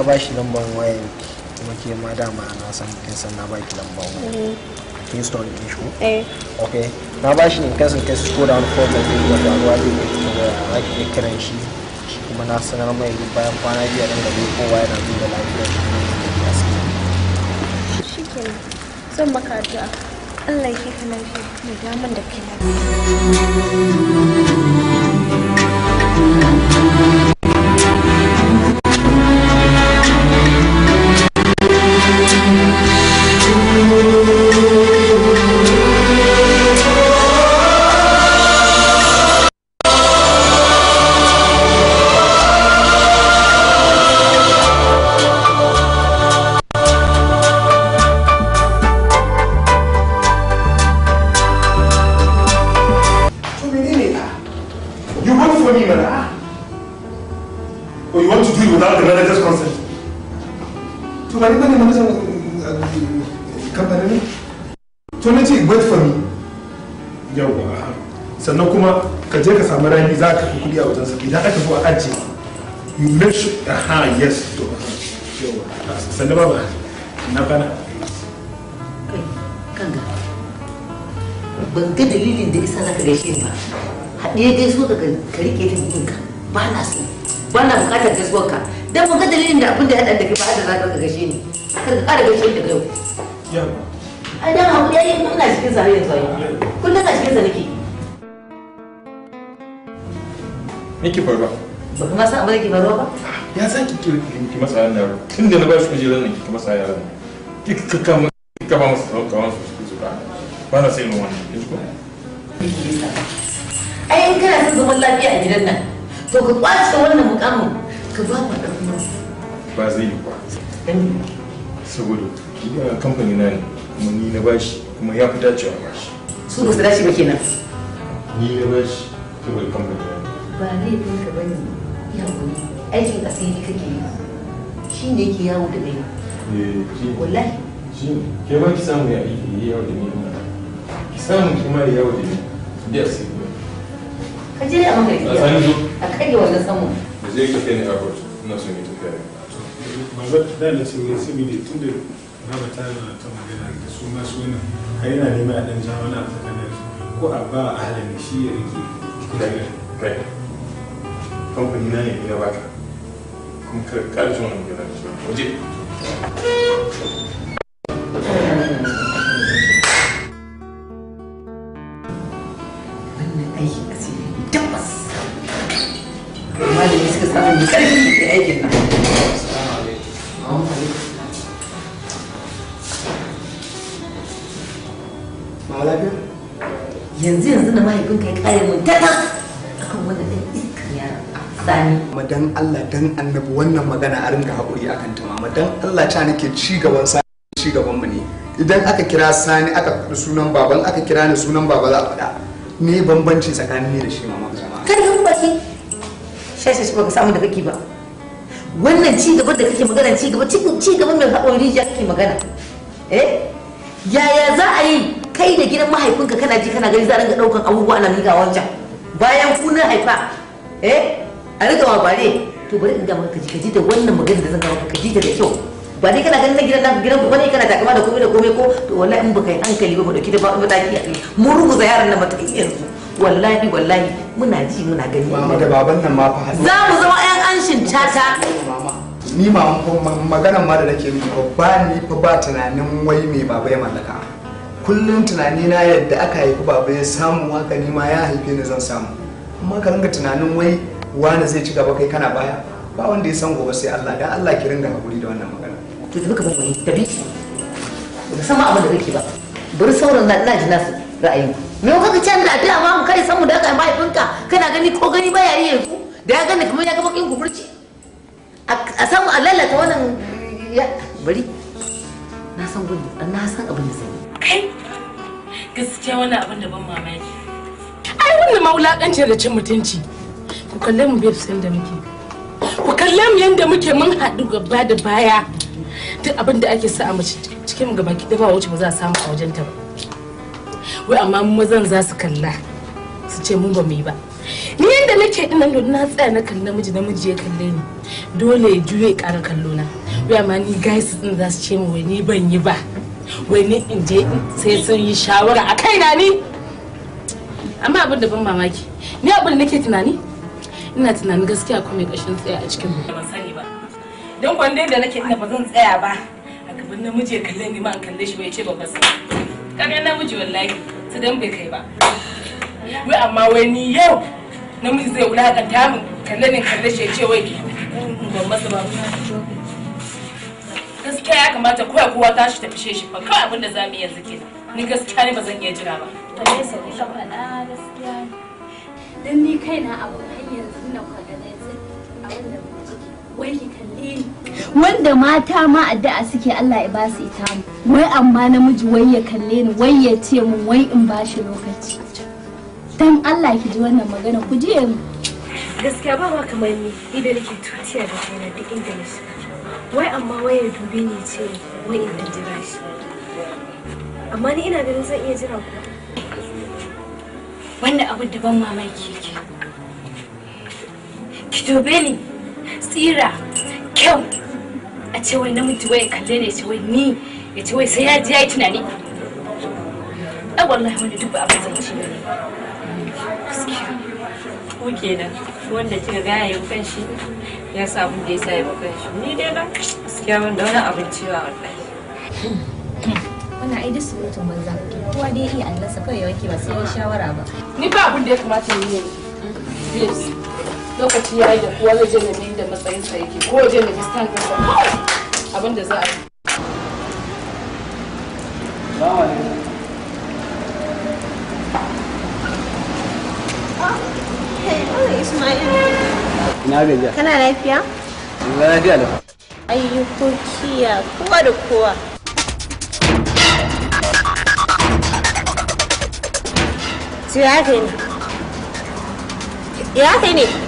ba shi lambar wayan kuma ke ma dama na san kin san na ba ki lambar wayan mm-hmm. Kingston din shi eh okay na ba shi in kasan kai su ko da wani problem din da faruwa zai yi ta waya za ki kiran shi kuma na sanar mai bayan kwana biyu dan da kowa yana zuwa lafiya shi ne ya sani shikenan zan maka da Allah ya shi lafiya da mun da kina turare bane na mutum kamfanin to ne ce wait for me yawwa sannan kuma ka je ka samu rani za ka fi kuɗi a wajensa idan aka zo a ajiye you make sure aha yes to yawwa sannan baba na bana kanga ban ga dalilin da isa za ka gaishe ni ba haɗe dai so daga ka rike ta ka ba na so ba bukatar bukatar zuwa ka don mu ga dalilin da abin da ya haɗa da kai da za ka gashe ni ka ƙara gashe ni daga yau ai dan yayi cikin sa yanzu ai cikin sa nake ba kuma san abin da ke faruwa ba ya san ki ki masa yaran tun da na ba shi kujerar ki masa yaran ki ka ka ba masa su ka ba na sai mu ko ai in kana son zaman lafiya a gidan nan to ka kwace wannan mukamin ka ba ma ɗan uwansu ba zai yi ba saboda kila kamfani na ne kuma ni na bashi kuma ya fi dacewa bashi su ba su dace ba kenan ni na bashi saboda kamfani na ne ba fi ka bane ya wani aikin asiri kake yi shi ne yake yawo da bai eh, wallahi shi ne ke ba ki samu ya aiki yawo da ni ki samu ki ma yawo da ni da asiri ka je a maka tafiya a kage wannan samun da zai tafiya ne airport ina son yi tafiya ne ba ba da na cin yin simi ne tun da raba na ta magana da su ma su nan har yana neman a ɗan jawo na ko a ba a halin shi ya rike kai kamfani na ne ina baka kuma karkar jin wani gina waje yanzu yanzu na mahaifinka ya kare mun tana akan wannan ɗan iskar yaron sani madan Allah dan annabi wannan magana a ringa haƙuri akan ta mama dan Allah ta nake ci gaban sani ci gaban mu ne idan aka kira sani aka faɗi sunan baban aka kira ni sunan baba za a faɗa me bambanci tsakanin ni da shi mama kada ka baki sha shi ba ka samu da kake ba wannan ci gaba da kake magana ci gaba ci gaba mai haɓon rijiya kake magana eh yaya za a yi kai da gidan mahaifinka kana ji kana gani za a ringa ɗaukan abubuwa ana miƙa wancan bayan kunan haifa eh a ringa wa bare to bari in ga maka ka ji da wannan magana da zan ga maka ka ji da kyau ba dai kana ganin na gidan nan gidan bane kana takama da komai da komai ko to wallahi in baka yi hankali ba ba dauki da mataki a kai mun ruguza yaran nan mataki yanzu wallahi wallahi muna ji muna gani mama da baban nan ma fa za mu zama ƴan anshin tata ni ma maganan ma da nake yi babba ni fa ba tunanin wai me baba ya mallaka kullum tunani na yadda aka haifi baba ya samu haka ni ma ya haife ni zan samu amma ka ringa tunanin wai wani zai ci gaba kai kana baya ba wanda ya san gobe sai Allah dan Allah ki ringa hakuri da wannan magana to tafi ka bar wani tafi ba san abin da kake ba bari sauran na ina ji nasu ra'ayin me kuka ce da afiya ma mu kare san mu da mahaifinka kana gani ko gani ba yayi yanzu da ya gani kamar ya ga bakin gumurci a san a lalata wannan bari na san gudu na san abin da zai kai gaskiya wannan abin da ban mamaki ai wannan ma wulakancin da cin mutunci ku kalle mu babe sai da muke ku kalle mu yanda muke mun haɗu gaba da baya duk abin da ake sa a mace cikin gaba ki da ba wuce ba za a samu a wajenta ba wai amma mazan za su kalla su ce mun ba mu yi ba ni yadda nake ina da na tsaya na kalli namiji namiji ya kalle ni dole ya juye ƙara kallo na wai amma ni guys din za su ce mu wai ni ban yi ba wai ni in je sai sun yi shawara a kaina ni amma abin da ban mamaki ni abin da nake tunani ina tunanin gaskiya ko mai ƙashin tsaya a cikin mu ban sani ba don kwandon da nake ina ba zan tsaya ba a gaban namiji ya kalle ni ma an kalle shi bai ce ba ba kaga namiji wallahi su dan bai kai ba wai amma wai ni yau namiji zai wulakanta min kalle ne kalle shi ce wai ban masa ba gaskiya ya kamata kowa kowa tashi ta fishe shi fa kawai abin da zamu yanzu kenan ni gaskiya ne ba zan iya jira ba to me sai ka faɗa gaskiya dan ni kaina abu har yanzu na kwaɗa ne abin da wai ki kalle ni wanda mata ma addu'a suke Allah ya ba su ita wai amma namiji wai ya kalle ni wai ya ce min wai in ba shi lokaci dan Allah ki ji wannan magana ku je mu gaskiya ba ma kamar ni idan nake tutiya da na duk inda na wai amma wai ya dube ni ce wai in ba shi amma ni ina ganin zan iya jira ku wannan abu da ban mamaki ke ki dube ni tsira kyau a ce wai namiji wai kalle ne ce wai ni ya ce wai sai ya ji ya yi tunani a wallahi wani duk ba abin zance ne ko kenan wanda kika gaya yin kan shi ya samu da ya sa yau kan shi ni dai na gaskiya wanda wani abin ciwa wallahi wannan ai duk surutun banza kowa dai iya allasa kawai ya ba sai ya shawara ba ni ba abin da ya kamata ya yi yanzu lokaci ya yi da kowa zai je nemi da matsayin sa yake ko je nemi stand ɗin sa abin da za a yi Ina gajiya. Kana lafiya? Ina lafiya da. Ayyukokiya kowa da kowa. Tira ne. Ya ne.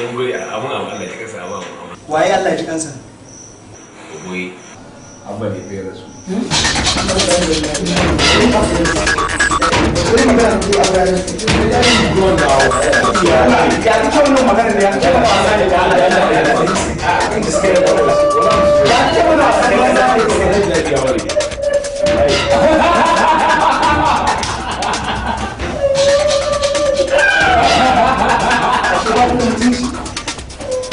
mun gode amma amma Allah ya kansa amma amma waye Allah ya kansa goyi abba ne bai rasu Ha ha ha! zubar da mutunci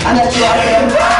ana cewa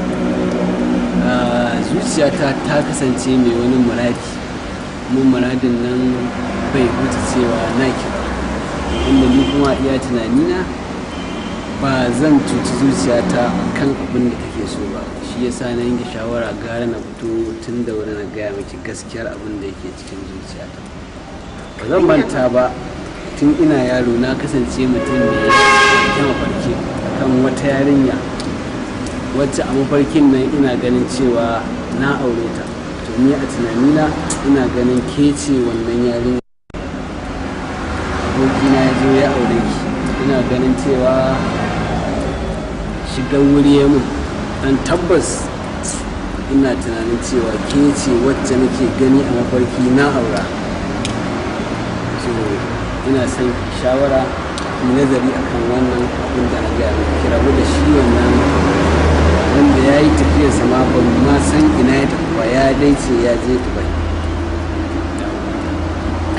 zuciyata ta kasance mai wani muradi mun muradin nan bai huta cewa naki ba inda ni kuma iya tunanina ba zan cuci zuciyata kan abin da take so ba shi yasa na yanke shawara gara na fito tun da wani na gaya miki gaskiyar abin da yake cikin zuciyata ba zan manta ba tun ina yaro na kasance mutum mai kyan mafarki kan wata yarinya wacce a mafarkin nan ina ganin cewa na aure ta to ni a tunanina ina ganin ke ce wannan yarin abokina ya zo ya aure ki ina ganin cewa shigar wuri ya mun an tabbas ina tunanin cewa ke ce wacce nake gani a mafarki na aura so ina son shawara nazari akan wannan abin da na gaya kira da shi wannan wanda ya yi tafiyar sama ban ma san ina ya tafi ya dai ce ya je ta bai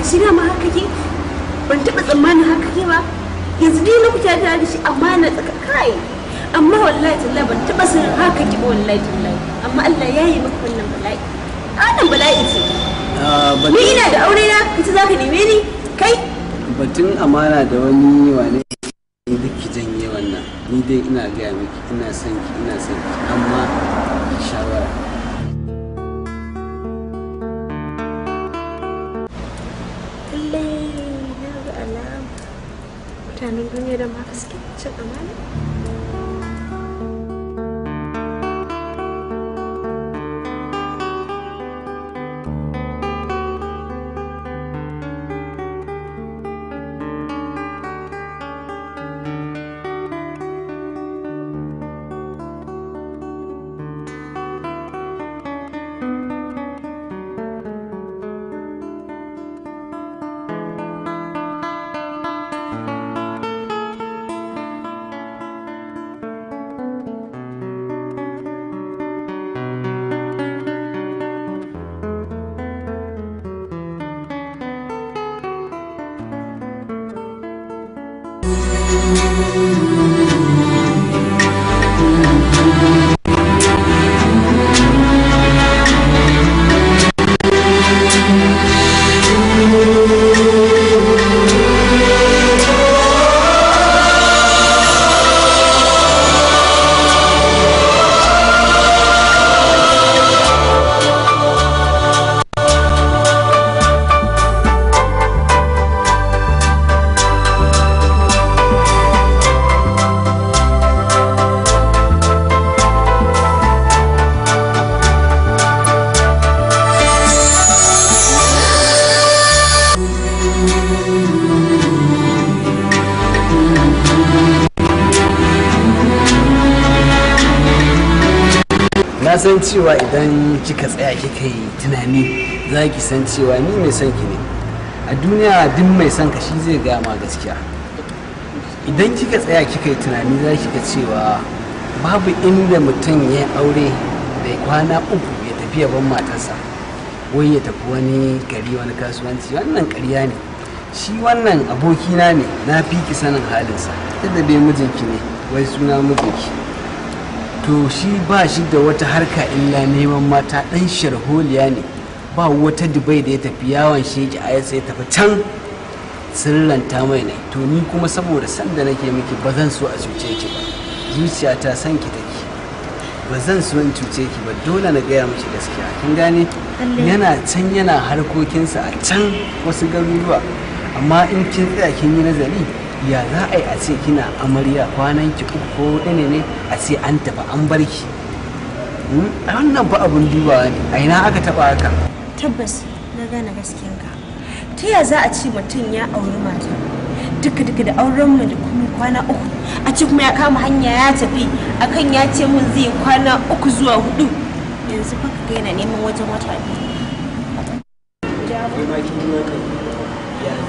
a shi ma haka ke ban taɓa tsammanin haka ke ba yanzu dai na kuta ta da shi amma na tsaka kai amma wallahi tallahi ban taɓa sanin haka ke ba wallahi tallahi amma Allah ya yi maka wannan bala'i wannan bala'i ce ah, ni ina da aure na kace zaka neme ni kai batun amana da wani wane ne duk ki janye wannan ni dai ina gaya miki ina son ki ina son ki amma shawara lallai na ga alama mutanen duniya da ma suke cin amana san cewa idan kika tsaya kika yi tunani za ki san cewa ni mai son ki ne a duniya duk mai son ka shi zai gaya ma gaskiya idan kika tsaya kika yi tunani za ki ga cewa babu inda mutum ya aure da kwana uku ya tafi yaban matarsa wai ya tafi wani gari wani kasuwanci wannan karya ne shi wannan abokina ne na fi ki sanin halinsa yadda da dai mijinki ne wai suna mijinki to shi ba shi da wata harka illa neman mata ɗan sharholiya ne ba wata dubai da ya tafi yawon sheki a sai tafi can sirranta mai ne to ni kuma saboda sanda nake miki ba zan so a cuce ki ba zuciya ta san ki take ba zan so in cuce ki ba dole na gaya miki gaskiya kin gane yana can yana harkokinsa a can wasu garuruwa amma in kin tsaya kin yi nazari ya za a yi a ce kina amarya kwanan ki ko ɗane ne a ce an tafi an bar ki hmm? a wannan ba abun duba ne a ina aka taɓa haka tabbas na gane gaskiyan ka ta ya za a ce mutum ya auri mata duka duka da auren mu da kuma kwana uku a ce kuma ya kama hanya ya tafi akan ya ce mun zai kwana uku zuwa hudu yanzu fa ka yana neman wajen wata biyu ya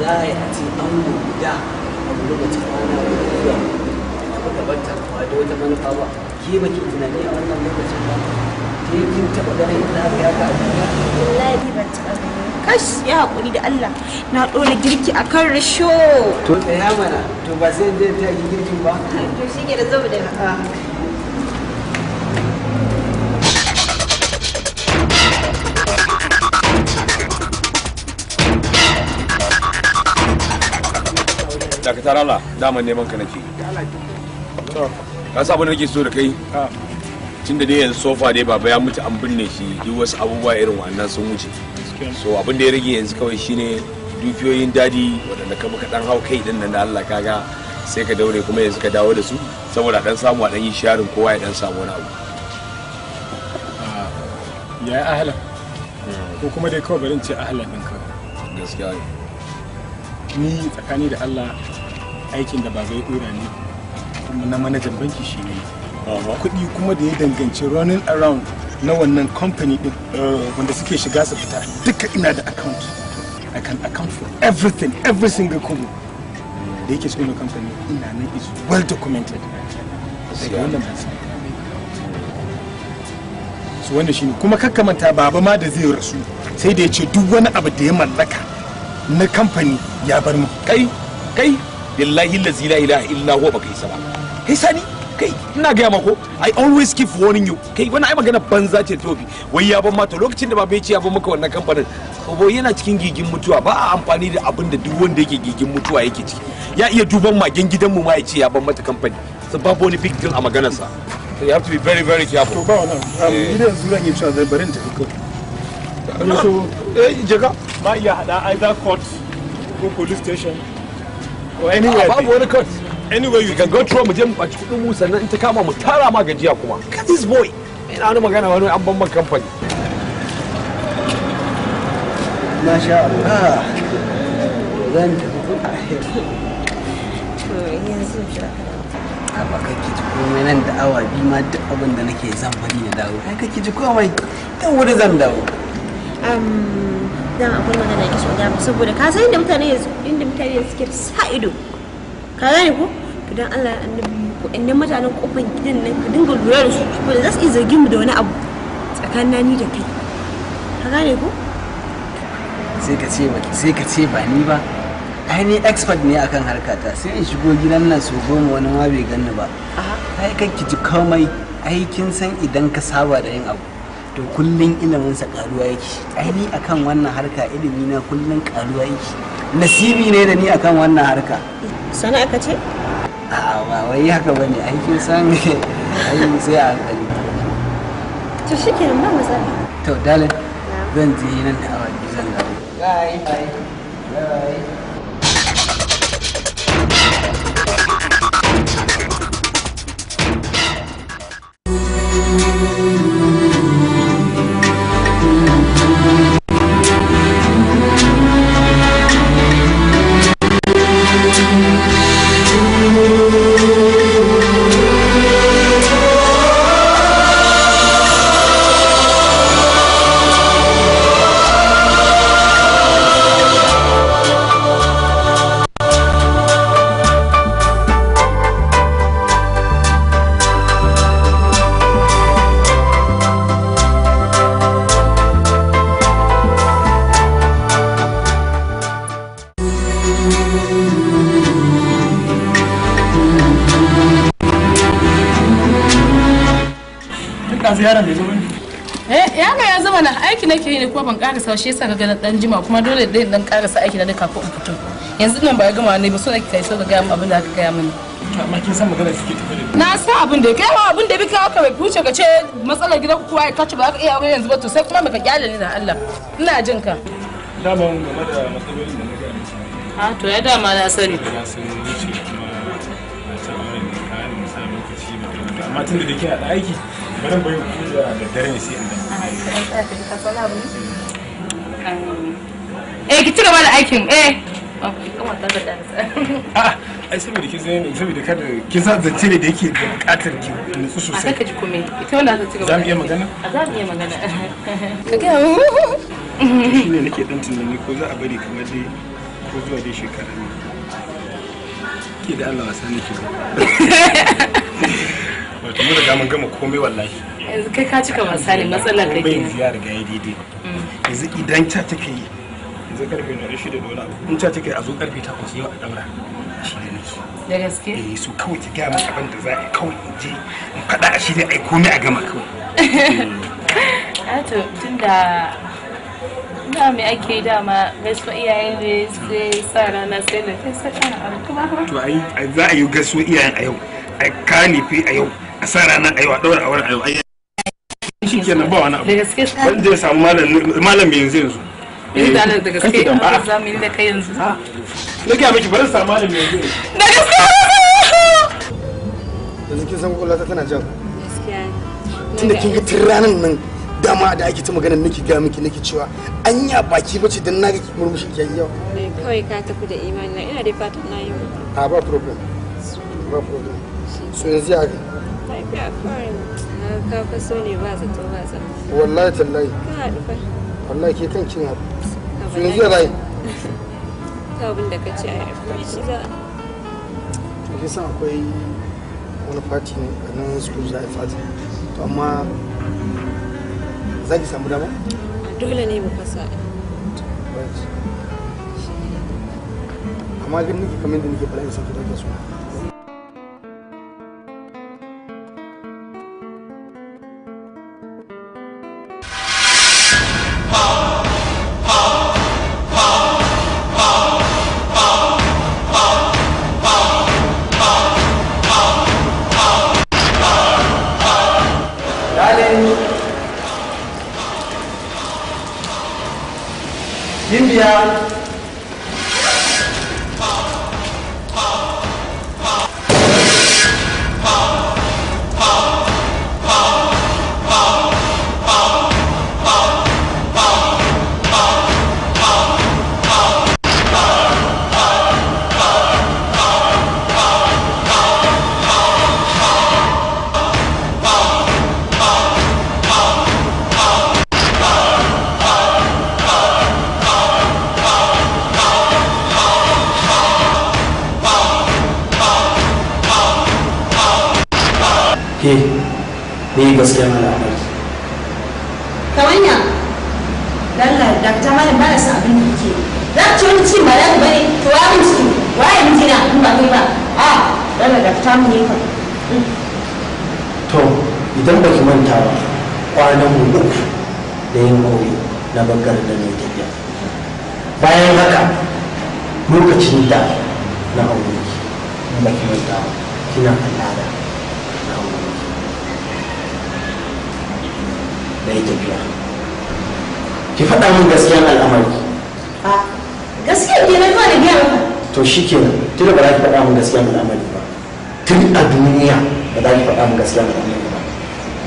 za a yi a ce an guda abu lokacin ana zuwa abu gabanta ba da wata manufa ba ke ba ke tunani a wannan lokacin ba ke kin taɓa ganin ina ga haka a duniya wallahi ban taɓa kash ya haƙuri da Allah na ɗora girki a kan rasho to tsaya mana to ba sai in je ta girkin ba to shi ke da zama daga daga tarala daman neman ka nake ka sa abin da nake so da kai tun da yanzu sofa dai baba ya mutu an binne shi duk wasu abubuwa irin wannan sun wuce so abin da ya rage yanzu kawai shine dukiyoyin dadi waɗanda ka muka dan hau kai din nan da Allah kaga sai ka daure kuma yanzu ka dawo da su saboda dan samu a dan yi sharin kowa ya dan samu wani abu ya yi ahalan hmm. ko kuma dai kawai barin ce ahalan ɗin kawai gaskiya ni tsakani da Allah aikin da ba zai dora ne kuma na manajan banki shi ne kuɗi kuma da ya danganci running around na wannan company din eh, wanda suke shiga su fita duka ina da account i can account for everything every single kudi da yake cikin company ina nan is well documented daga wannan su wanda shine kuma kakkamanta baba ma da zai rasu sai da ya ce duk wani abu da ya mallaka na kamfani ya bar mu kai kai billahi lazi la ilaha illa huwa baka isa ba kai sani kai ina gaya mako i always keep warning you kai wani ai magana banza ce tofi wai ya ban mata lokacin da baba ya ce ya ban maka wannan kamfanin obo yana cikin gigin mutuwa ba a amfani da abin da duk wanda yake gigin mutuwa yake ciki ya iya duban magen gidanmu ma ya ce ya ban mata kamfani so babu wani big deal a maganarsa so you have to be very very careful to ba wannan idan yanzu zan yi cewa zai barin ta kawai so eh jega ma iya hada either court ko police station or anywhere babu wani cut anywhere you can go through mu je mu baci kudin mu sannan in ta kama mu tara ma gajiya kuma this boy ina wani magana wani an bamban kamfani masha Allah ah. zan tafi to yanzu ba kake ji komai nan da awa bi ma duk abin da nake zan bari na dawo kai kake ji komai dan wuri zan dawo dan akwai magana ki so da saboda ka san inda mutane inda mutane suke sa ido ka gane ko idan Allah annabi ko inda mutanen kofan gidan nan ka dinga lura da su ko za su iya zargin mu da wani abu tsakanin ni da kai ka gane ko sai ka ce ba sai ka ce ba ni ba ai expert ne akan harkata sai in shigo gidan nan su goma wani ma bai ganni ba ai kan ki ji komai ai kin san idan ka saba da yin abu to kullum iliminsa karuwa yake aini akan wannan harka ilimi na kullum karuwa yake nasibi ne da ni akan wannan harka sana aka ce a ba wai haka bane ai kin san ai sai a hankali to shike nan ba matsala to dalin zan je nan da awa zan dawo bye bye bye bye nake yi ne kuma ban karasa shi yasa ga ganin dan jima kuma dole dai dan karasa aiki na duka ko in fito yanzu nan ba ya gama ne ba so nake kai so ga mu abin da aka gaya mini amma kin san magana suke tafi na san abin da kai ma abin da bika ka bai fuce ka ce matsalar gidan ku kuwa ka ci ba ka iya aure yanzu ba to sai kuma maka kyale ni da Allah ina jin ka da daman game da matsalolin da nake a ah, to ya dama na sani na sani amma tun da kike a aiki bari bai ku da daddare ne sai in da Eh, ki ci gaba da aikin eh. a ah, Ai da ki zai ne saboda kada ki sa da ne da yake da bukatar ki nutsu sosai. A kaka ji kome. Ita wanda za ta ci gaba. Za mu iya magana? Za mu iya magana. Ka ga Shi ne nake dan tunani ko za a bari kamar dai ko zuwa dai shekara ne. Ke da Allah wasa nake. Wato mu riga mun gama komai wallahi. yanzu kai ka cika misali matsalar ke riga ya daidai mm. yanzu idan ca take yi a zo karfe a daura shi da gaske eh, su kawai gaya masa abin da za a kawai in je a ai komai a gama kawai ah, da ake dama iyayen ne sai sa rana sai da to ai za a yi gaisuwa iyayen a yau a fi a yau a sa ranar a yau a ɗaura a wurin a yau shi kenan ba wani abu Wanda ya samu malam yanzu yanzu eh, eh, da gaske zamu yi da kai yanzu na gaya miki bari malam yanzu da gaske yanzu kin san ta tana jan tunda kin ga ranar nan dama da ake ta maganar nake ga miki nake cewa an a baki bace dan na ga murmushi ki yau eh, Kai ka tafi da imani na ina dai fatan na yi a ba problem ba problem so yanzu ya ga ka fa ne wallahi tallahi fa wallahi ke kan kin haɗu to rai abin da ka ce a yafi shi za akwai wani fati ne a nan school za a yi fati to amma za ki samu dama dole ne mu fasa amma ganin kamar nake gaskiya mala amal kawanya dalla da ta mala ba sa abin da kike za ki wani ci ba za ki bane to wa mun ci waye mun ji na ba kai ba a dalla da ta mun yi fa to idan ba ki manta ba kwanan mu uku da yin aure na bangar da ne tafiya bayan haka lokacin da na aure ki ba ki manta ba kina al'ada bai tafiya ki faɗa min gaskiyar al'amari a gaskiyar ke na zuwa da biya to shi ke tun da ba za ki faɗa min gaskiyar al'amari ba tun a duniya ba za ki faɗa min gaskiyar al'amari ba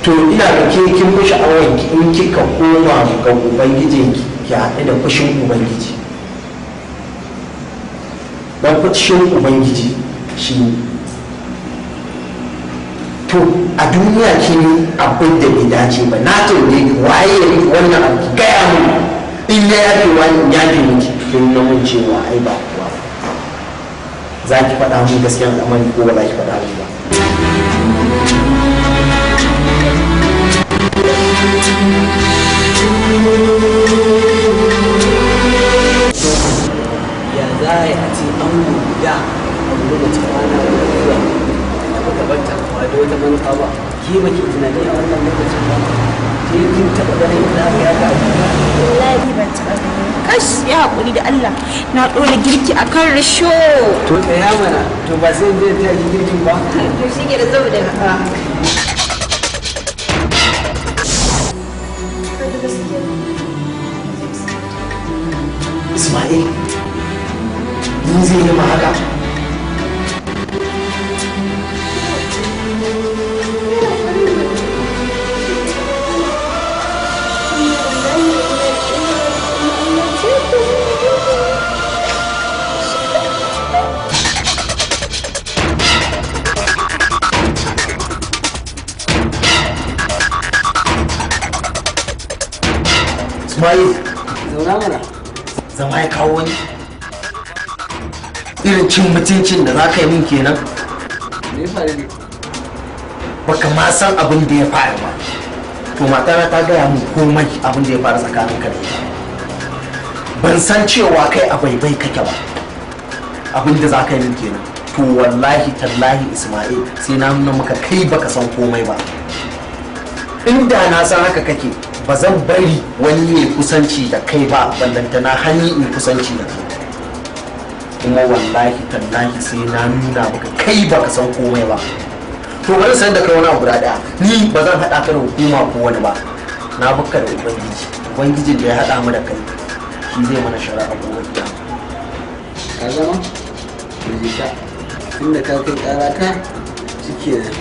to ina da ke kin fi sha'awar ki in kika koma ga ubangijin ki haɗu da fushin ubangiji don fushin ubangiji shi to a duniya ce abin da bai dace ba na tambaye waye ya yi wannan abu gaya mun in ya yafe wani ya fi miki na mun cewa ai ba kuwa za ki faɗa mun gaskiya amani ko ba za ki faɗa mun ba ya za a yi a ce an guda a lokacin rana da kuka banta ba da wata manufa ba ke tunani a wannan lokacin ba ke taɓa ganin da ya ga wallahi ban taɓa ganin kash ya da Allah na ɗora girki a kan risho to ya mana to ba sai zai je ta yi girkin ba to shi ke da Ismail, mun zai yi mahaka. haka. Ismail. Zauna mana. Zama ya kawo ni. Irin cin mutuncin da za ka yi min kenan. Me ya faru ne? Baka ma san abin da ya faru ba. To matana ta gaya min komai abin da ya faru tsakanin ka Ban san cewa kai a baibai kake ba. Abin da za ka yi min kenan. To wallahi tallahi Ismail sai na nuna maka kai baka san komai ba. Inda na san haka kake ba zan bari wani ne kusanci da kai ba ballantana hanyar mai kusanci da kai kuma wallahi tallahi sai na nuna maka kai baka san komai ba to wani san da kai wani abu da ni ba zan haɗa ka da hukuma ko wani ba na bukka da ubangiji ubangijin da ya haɗa mu da kai shi zai mana shara ko wani da ka zama inda ka kai ƙara ka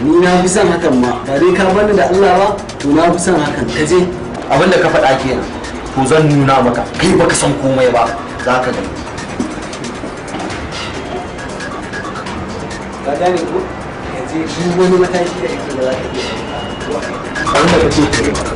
ni na fi son hakan ma ba dai ka bani da Allah ba to na fi son hakan ka je abin da ka faɗa kenan to zan nuna maka kai baka san komai ba za ka gani ka da yake da abin da kake